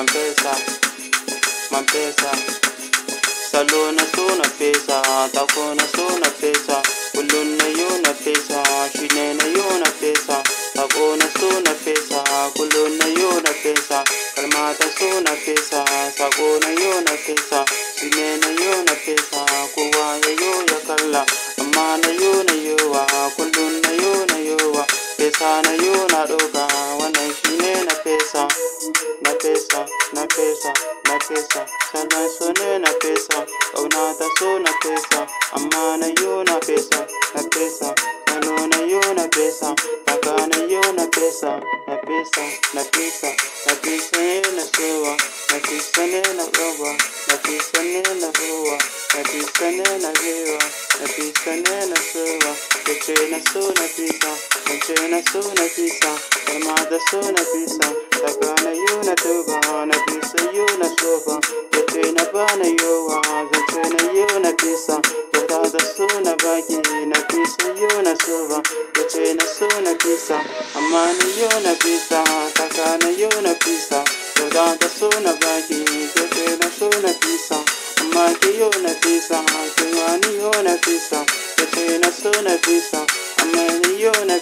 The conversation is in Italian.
Mampesa, Mampesa. salo na so na pesa tako na so na pesa kullun na yo na pesa shine na yo na pesa tako na so na pesa kullun na yo na pesa kalma ta so na pesa sako na yo na pesa shine na yo na pesa kowa ya yo ya kalla amma na yo na yowa kullun na yo na yowa pesa na yo na doka wannan shine na pesa pesa, sana sone na pesa, kaunata so na pesa, na yo na pesa, na pesa, na yo na pesa, na yo na pesa, na pesa, na pesa, na pesa ne na sewa, na pesa ne na roba, na pesa ne na roa, na pesa ne na gewa, na pesa ne sola pisa, Sanchena sola pisa, Sarmada sola pisa, Takana yuna tubana pisa yuna soba, a bana yuwa, Sanchena yuna pisa, Yatada sola bagina pisa yuna soba, Yatrina sola pisa, Amana yuna pisa, Takana a pisa, Yatada sola bagina, Yatrina sola pisa, Amaki yuna pisa, Kiwani yuna pisa, Yatrina sola pisa,